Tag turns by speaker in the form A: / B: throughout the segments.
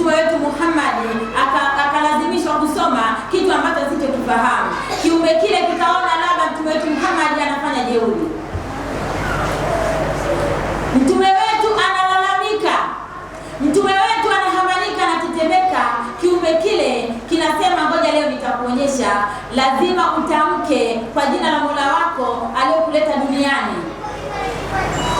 A: mtume wetu Muhammad akalazimishwa kusoma kitu ambacho sichokifahamu. Kiumbe kile kikaona labda mtume wetu Muhammad anafanya jeuri. Mtume wetu analalamika, mtume wetu anahamanika, anatetemeka. Kiumbe kile kinasema, ngoja leo nitakuonyesha, lazima utamke kwa jina la Mola wako aliyokuleta duniani.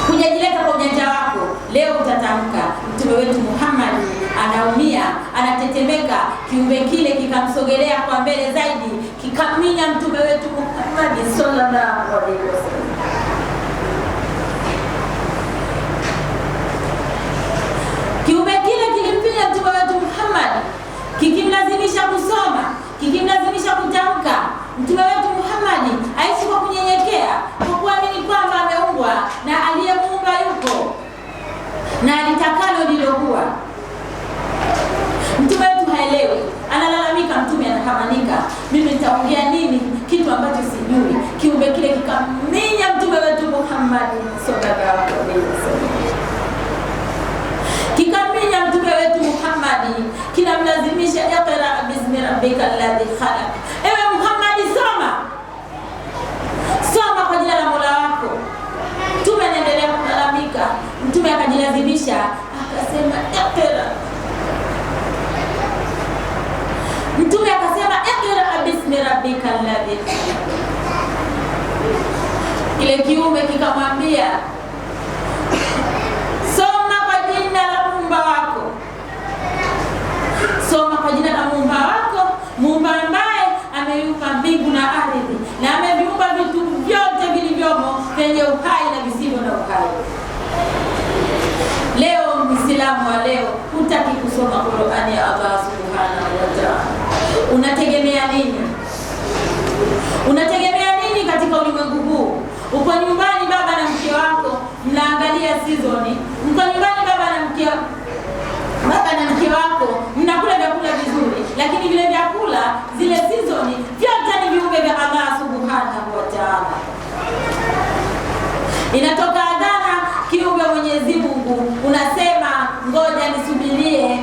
A: Kujajileta kwa ujanja wako leo utatamka. Mtume wetu Muhammad anaumia, anatetemeka. Kiumbe kile kikamsogelea kwa mbele zaidi, kikamminya mtume wetu Muhammad sallallahu alaihi wasallam. Kiumbe kile kilimpinya mtume wetu Muhammad, kikimlazimisha kusoma, kikimlazimisha kutamka. Mtume wetu Muhammad aishi kwa kunyenyekea, kwa kuamini kwamba ameumbwa na aliyemuumba yuko na alitakalo lilokuwa haelewi, analalamika. Mtume anakamanika, mimi nitaongea nini kitu ambacho sijui? Kiumbe kile kikaminya mtume wetu Muhammad sallallahu kikaminya mtume wetu Muhammad, kinamlazimisha iqra bismi rabbika alladhi khalaq, ewe Muhammad soma, soma kwa jina la Mola wako. Mtume anaendelea kulalamika, mtume akajilazimisha akasema iqra Mtume akasema ikra bismi rabbika alladhi, kile kiumbe kikamwambia soma kwa jina la muumba wako, soma kwa jina la muumba wako, muumba ambaye ameiumba mbingu na ardhi na ameviumba vitu vyote vilivyomo vyenye uhai na visivyo na uhai. Leo Muislamu wa leo hutaki kusoma Qur'ani ya Allah unategemea nini? Unategemea nini katika ulimwengu huu? Uko nyumbani baba na mke wako mnaangalia sizoni, mko nyumbani baba na mke baba na mke wako mnakula vyakula vizuri, lakini vile vyakula zile sizoni vyote ni viumbe vya Allah subhanahu wa taala. Inatoka adhana kiumbe Mwenyezi Mungu unasema ngoja nisubirie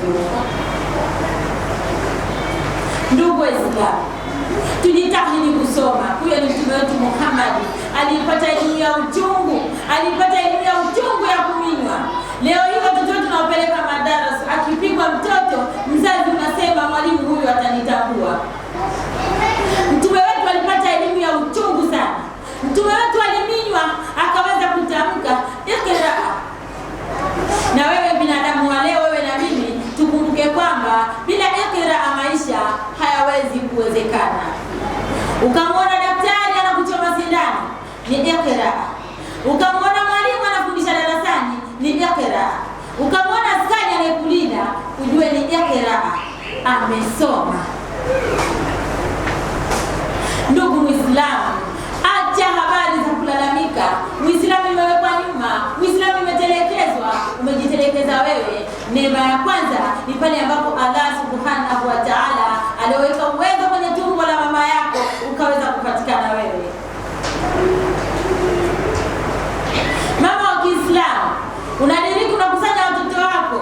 A: vyuo. Ndugu Waislamu, tujitahidi kusoma. Huyo ni mtume wetu Muhammad, alipata elimu ya uchungu, alipata elimu ya uchungu ya kuminywa. Leo hii watoto tunawapeleka madarasa, akipigwa mtoto mzazi unasema mwalimu huyu atanitambua. Mtume wetu alipata elimu ya uchungu sana. Mtume wetu aliminywa akaweza kutamka ikra na wewe haiwezi kuwezekana. Ukamwona daktari anakuchoma sindano ni jeraha, ukamwona mwalimu anafundisha darasani ni jeraha, ukamwona askari anayekulinda ujue ni jeraha, amesoma. Ndugu Muislamu, acha habari za kulalamika. Uislamu imewekwa nyuma, mwislamu imetelekezwa, umejitelekeza wewe. Neema ya kwanza ni pale ambapo Allah subhanahu wa ta'ala alioweka uwezo kwenye tumbo la mama yako ukaweza kupatikana wewe. Mama wa Kiislamu, unadiriki, unakusanya watoto wako,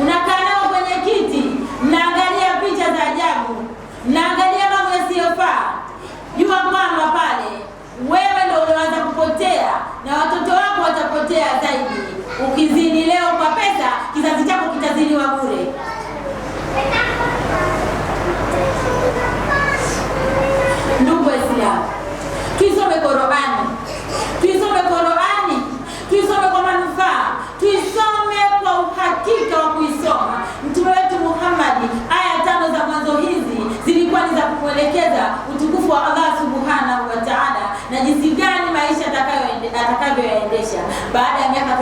A: unakaa nao kwenye kiti, mnaangalia picha za ajabu, mnaangalia mambo yasiyofaa. Jua mama pale, wewe ndio unaanza kupotea na watoto wako watapotea zaidi. Ukizini leo kwa pesa, kizazi chako kitaziniwa bure. kuelekeza utukufu wa Allah subhanahu wa ta'ala na jinsi gani maisha atakavyoyaendesha. Baada ya miaka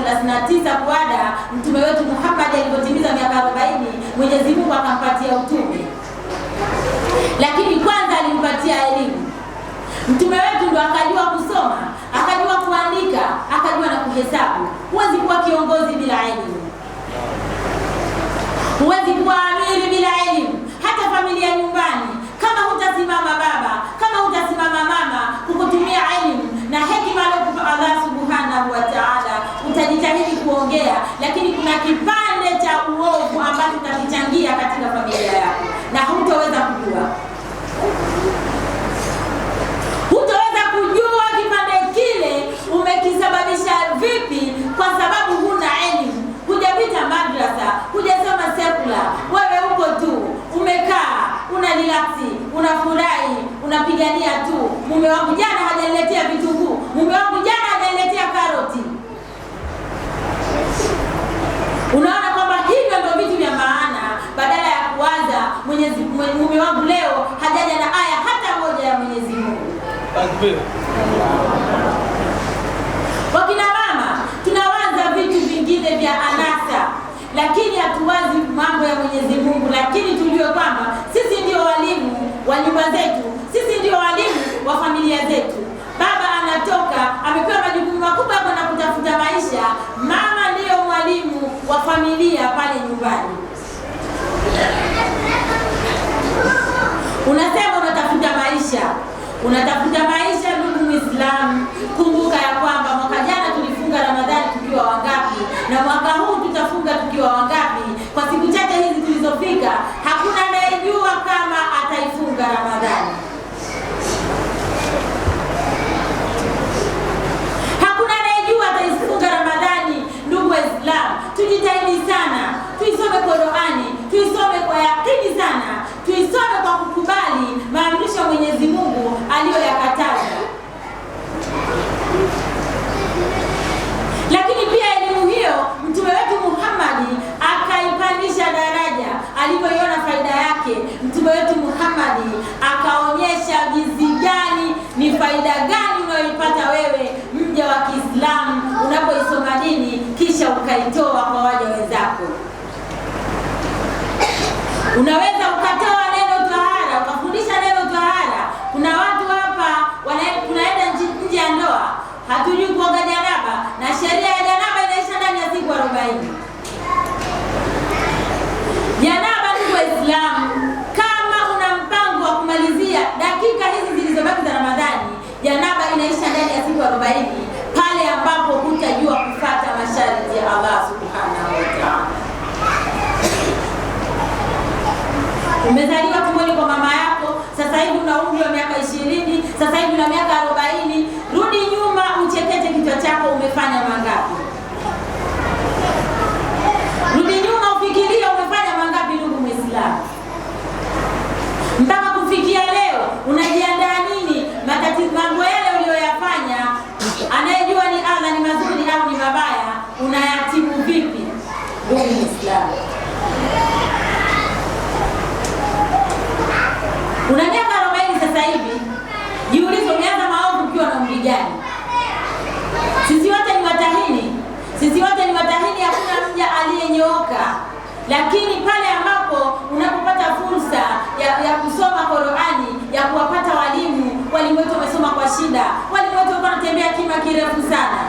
A: 39 kuada mtume wetu Muhammad alipotimiza miaka 40, Mwenyezi Mungu akampatia utume, lakini kwanza alimpatia elimu. Mtume wetu ndo akajua kusoma, akajua kuandika, akajua na kuhesabu. Huwezi kuwa kiongozi bila elimu, huwezi kuwa amiri bila elimu, hata familia simama baba, kama utasimama mama, kukutumia elimu na hekima aliyokupa Allah subhanahu wa taala, utajitahidi kuongea, lakini kuna kipande cha uovu ambacho utakichangia katika familia yako na hutoweza kujua hutoweza kujua kipande kile umekisababisha vipi, kwa sababu huna elimu, hujapita madrasa, hujasoma sekula, wewe uko tu umekaa una relax unafurahi, unapigania tu. Mume wangu jana hajaniletea vitunguu, mume wangu jana hajaniletea karoti. Unaona kwamba hivyo ndio vitu vya maana, badala ya kuwaza Mwenyezi mume wangu leo hajaja na aya hata moja ya Mwenyezi Mungu. Wakina mama tunawaza vitu vingine vya anasa, lakini hatuwazi mambo ya Mwenyezi Mungu, lakini tujue kwamba sisi ndio walimu wa nyumba zetu, sisi ndio walimu wa familia zetu. Baba anatoka amepewa majukumu makubwa na kutafuta maisha, mama ndiyo mwalimu wa familia pale nyumbani. Unasema unatafuta maisha, unatafuta maisha, ndugu Muislamu, kumbuka ya kwamba mwaka jana tulifunga Ramadhani tukiwa wangapi, na mwaka huu tutafunga tukiwa mtume wetu Muhammad akaonyesha jinsi gani, ni faida gani unayoipata wewe mja wa Kiislamu unapoisoma dini kisha ukaitoa kwa waja wenzako. Unaweza ukatoa neno tahara, ukafundisha neno tahara. Kuna watu hapa tunaenda nje ya ndoa, hatujui kuoga janaba, na sheria ya janaba inaisha ndani ya siku arobaini. Janaba ni Waislamu Janaba inaisha ndani ya siku arobaini pale ambapo hutajua kufata masharti ya Allah subhanahu wa ta'ala. Umezaliwa tumboni kwa mama yako, sasa hivi una umri wa miaka ishirini, sasa hivi una miaka arobaini Sisi wote ni matahini, hakuna mja aliyenyooka. Lakini pale ambapo unapopata fursa ya, ya kusoma Qur'ani, ya kuwapata walimu, walimu wetu wamesoma kwa shida, walimu wetu walikuwa wanatembea kima kirefu sana,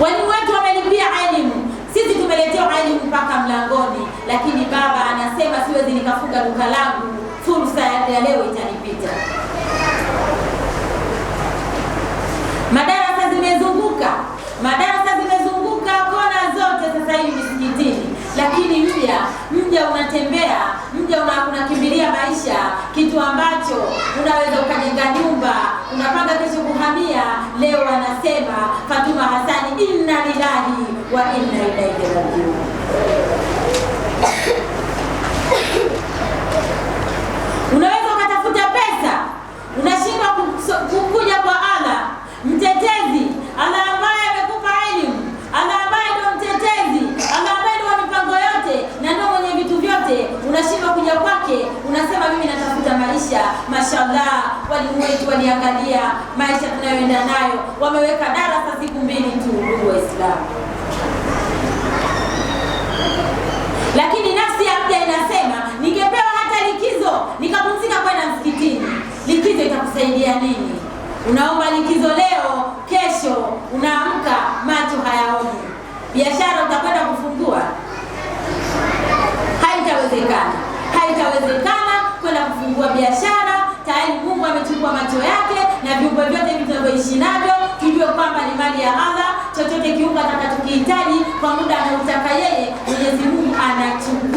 A: walimu wetu wamelipia elimu, sisi tumeletewa elimu mpaka mlangoni. Lakini baba anasema siwezi nikafunga duka langu, fursa ya leo itanipita. Madarasa zimezunguka kona zote sasa hivi misikitini, lakini mja mja unatembea mja unakimbilia maisha, kitu ambacho unaweza ukajenga nyumba, unapanga kesho kuhamia. Leo anasema Fatuma Hasani, inna lillahi wa inna ilaihi rajiun. Unaweza ukatafuta pesa, unashindwa unashindwa kuja kwake, unasema mimi natafuta maisha. Mashallah, walimwetu waliangalia maisha tunayoenda nayo, wameweka darasa siku mbili tu, ndugu Waislamu, lakini nafsi ya mja inasema ningepewa hata likizo nikapumzika kwenda msikitini. Likizo itakusaidia nini? Unaomba likizo leo, kesho unaamka macho hayaoni. Biashara utakwenda kufungua amefungua biashara tayari, Mungu amechukua macho yake na viumbe vyote vinavyoishi navyo. Tujue kwamba ni mali ya Allah, chochote kiungo atakachokihitaji kwa muda anautaka yeye, Mwenyezi Mungu anachukua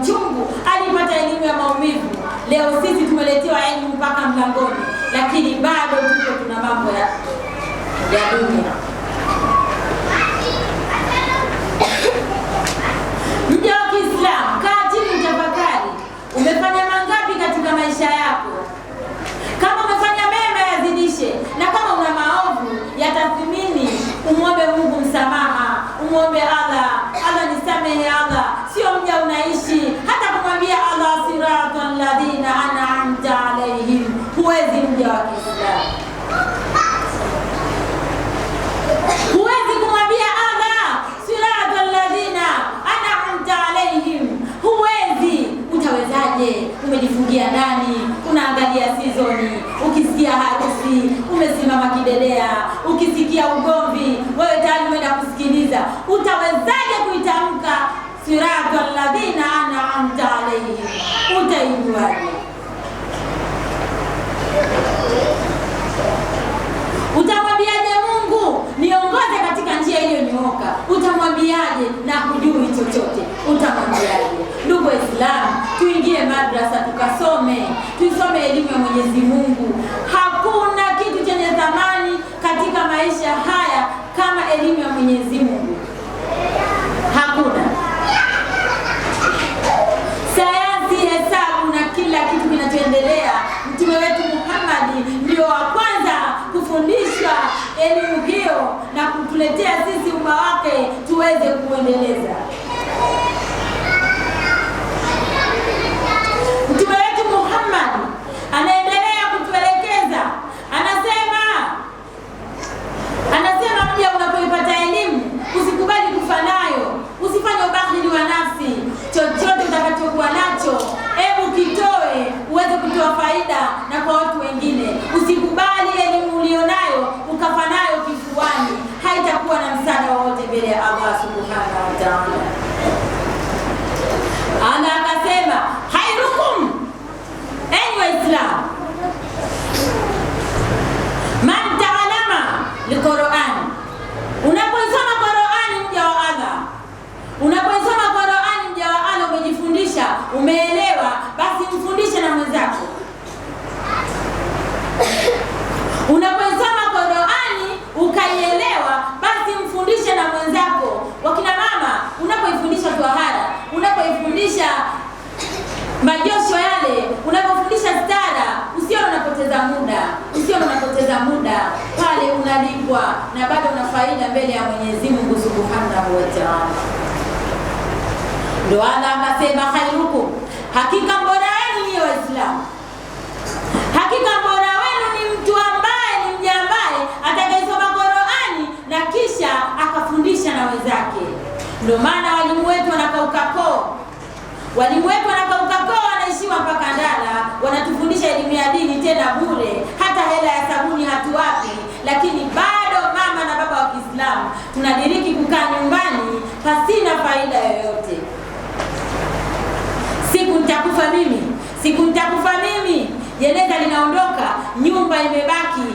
A: uchungu, alipata elimu ya maumivu. Leo sisi tumeletewa elimu mpaka mlangoni, lakini bado tuko tuna mambo ya dunia. umesimama kidedea. Ukisikia ugomvi, wewe tayari umeenda kusikiliza. Utawezaje kuitamka siratu alladhina an'amta alaihi? Utaijua Utamwambiaje Mungu niongoze katika njia iliyonyooka? Utamwambiaje na hujui chochote? Utamwambiaje? Ndugu Waislamu, tuingie madrasa tukasome, tuisome elimu ya Mwenyezi Mungu. Hakuna thamani katika maisha haya kama elimu ya Mwenyezi Mungu? Hakuna. Sayansi, hesabu na kila kitu kinachoendelea, mtume wetu Muhammad ndio wa kwanza kufundishwa elimu hiyo na kutuletea sisi umma wake tuweze kuendeleza mtu wa faida na kwa watu wengine usiku unapoifundisha majosho yale, unapofundisha stara, usiona unapoteza muda, usiona unapoteza muda pale, unalipwa na bado una faida mbele ya Mwenyezi Mungu Subhanahu wa Ta'ala. Ndio Allah akasema khairukum, hakika mbora yenu ni Waislamu, hakika mbora wenu ni mtu ambaye ni mja ambaye atakayesoma Qur'ani na kisha akafundisha na wenzake. Ndio maana walimu wetu wanakauka koo, walimu wetu wanakauka koo, wanaishiwa mpaka ndala, wanatufundisha elimu ya dini tena bure, hata hela ya sabuni hatuwapi, lakini bado mama na baba wa Kiislamu tunadiriki kukaa nyumbani pasina faida yoyote. Siku nitakufa mimi, siku nitakufa mimi, jeneza linaondoka, nyumba imebaki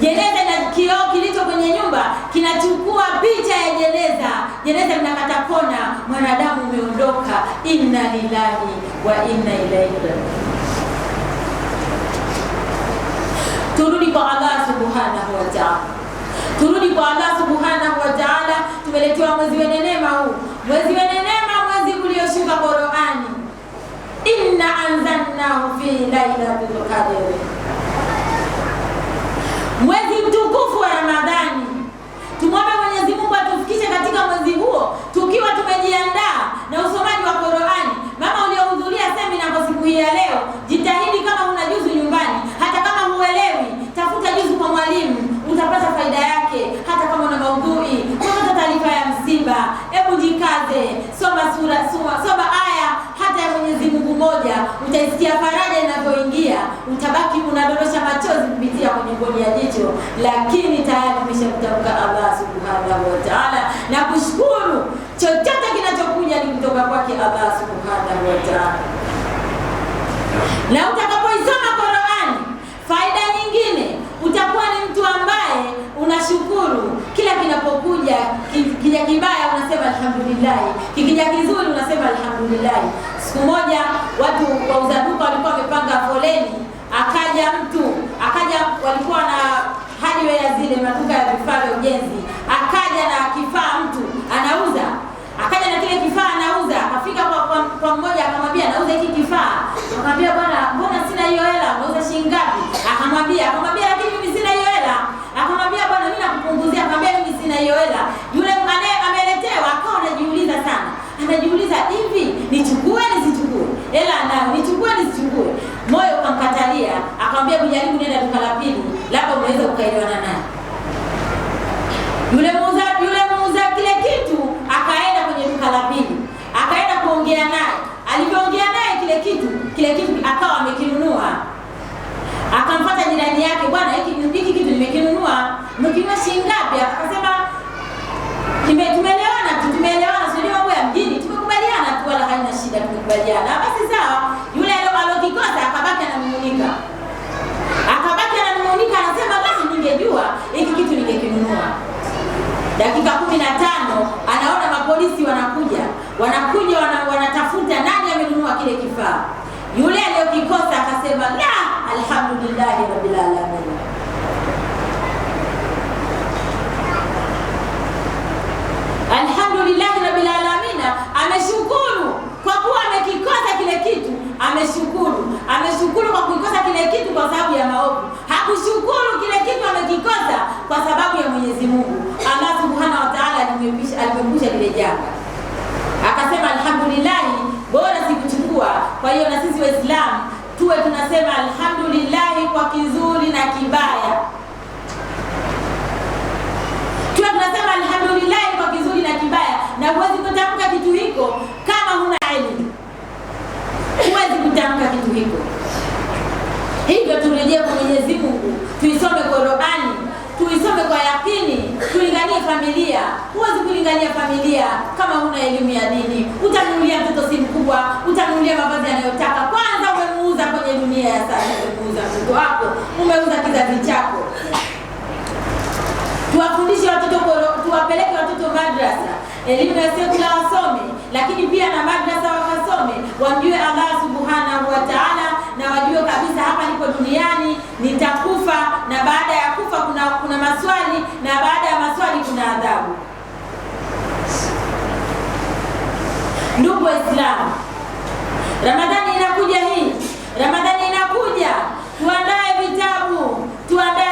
A: Jeneza na kioo kilicho kwenye nyumba kinachukua picha ya jeneza. Jeneza linakata kona, mwanadamu umeondoka. Inna lillahi wa inna ilaihi rajiun. Turudi kwa Allah subhanahu wa taala, turudi kwa Allah subhanahu wa taala. Tumeletewa mwezi wa neema huu, mwezi wa neema, mwezi ulioshuka Qurani. Inna anzalnahu fi lailatul qadri mwezi mtukufu wa Ramadhani. Tumwombe Mwenyezi Mungu atufikishe katika mwezi huo tukiwa tumejiandaa na usomaji wa Qur'ani. Mama uliohudhuria semina kwa siku hii ya leo, jitahidi kama una juzu nyumbani, hata kama huelewi, tafuta juzu kwa mwalimu, utapata faida yake. Hata kama una maudhui, tafuta taarifa ya msiba. Hebu jikaze, soma sura, soma, soma mmoja, utaisikia faraja inavyoingia, utabaki unadondosha machozi kupitia kwenye koni ya jicho, lakini tayari umeshamtamka Allah subhanahu wa ta'ala na kushukuru. Chochote kinachokuja ni kutoka kwake Allah subhanahu wa ta'ala na Kila kinapokuja kija kibaya unasema alhamdulillah, kikija kizuri unasema alhamdulillah. Siku moja watu wauza duka walikuwa wamepanga foleni, akaja mtu akaja, walikuwa na hardware zile maduka ya vifaa vya ujenzi, akaja na kifaa mtu anauza, akaja na kile kifaa anauza, akafika kwa, kwa, kwa mmoja akamwambia anauza hiki kifaa. Akamwambia bwana, mbona sina hiyo hela, unauza shilingi ngapi? Akamwambia akamwambia familia yake, bwana, hiki hiki kitu nimekinunua nimekinunua shilingi ngapi? Akasema tumeelewana tu, tumeelewana sio mambo ya mjini, tumekubaliana tu, wala haina shida, tumekubaliana. Basi sawa, yule ile alokikosa akabaki anamunika, akabaki anamunika, anasema basi, ningejua hiki kitu ningekinunua. Dakika kumi na tano anaona mapolisi wanakuja, wanakuja wanatafuta nani amenunua kile kifaa. Yule aliyokikosa akasema la alhamdulillahi rabbil alamin. Alhamdulillahi rabbil alamin, ameshukuru kwa kuwa amekikosa kile kitu, ameshukuru. Ameshukuru kwa kukikosa kile kitu kwa sababu ya maovu, hakushukuru kile kitu amekikosa kwa sababu ya Mwenyezi Mungu. Allah subhanahu wa ta'ala alimwepusha kile janga, akasema alhamdulillahi, bora sikuchukua. Kwa hiyo na sisi Waislamu tuwe tunasema alhamdulillah kutamka kitu hiko. Hivyo turejee kwa Mwenyezi Mungu, tuisome Qur'ani, tuisome kwa yakini, tulinganie familia. Huwezi kulingania familia kama huna elimu ya dini. Utanunulia mtoto simu kubwa, utanunulia mavazi anayotaka. Kwanza umemuuza kwenye dunia ya sasa, umeuza mtoto wako, umeuza kizazi chako. Tuwafundishe watoto, tuwapeleke watoto madrasa, elimu ya sekula wasome, lakini pia na madrasa wasome, wamjue Allah subhanahu wa taala, na wajue kabisa hapa niko duniani, nitakufa na baada ya kufa kuna, kuna maswali na baada ya maswali kuna adhabu. Ndugu Waislamu, Ramadhani inakuja hii, Ramadhani inakuja, tuandae vitabu, tuandae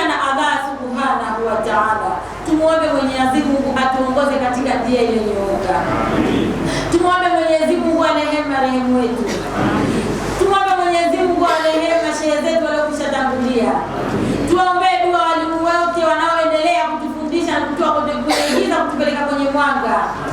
A: kuridhika na Allah subhanahu wa ta'ala. Tumwombe Mwenyezi Mungu atuongoze katika njia iliyonyooka. Tumwombe Mwenyezi Mungu alehemu marehemu wetu. Tumwombe Mwenyezi Mungu alehemu mashehe zetu waliokwisha tangulia. Tuombee dua walimu wote wanaoendelea kutufundisha na kutuingiza kutupeleka kwenye mwanga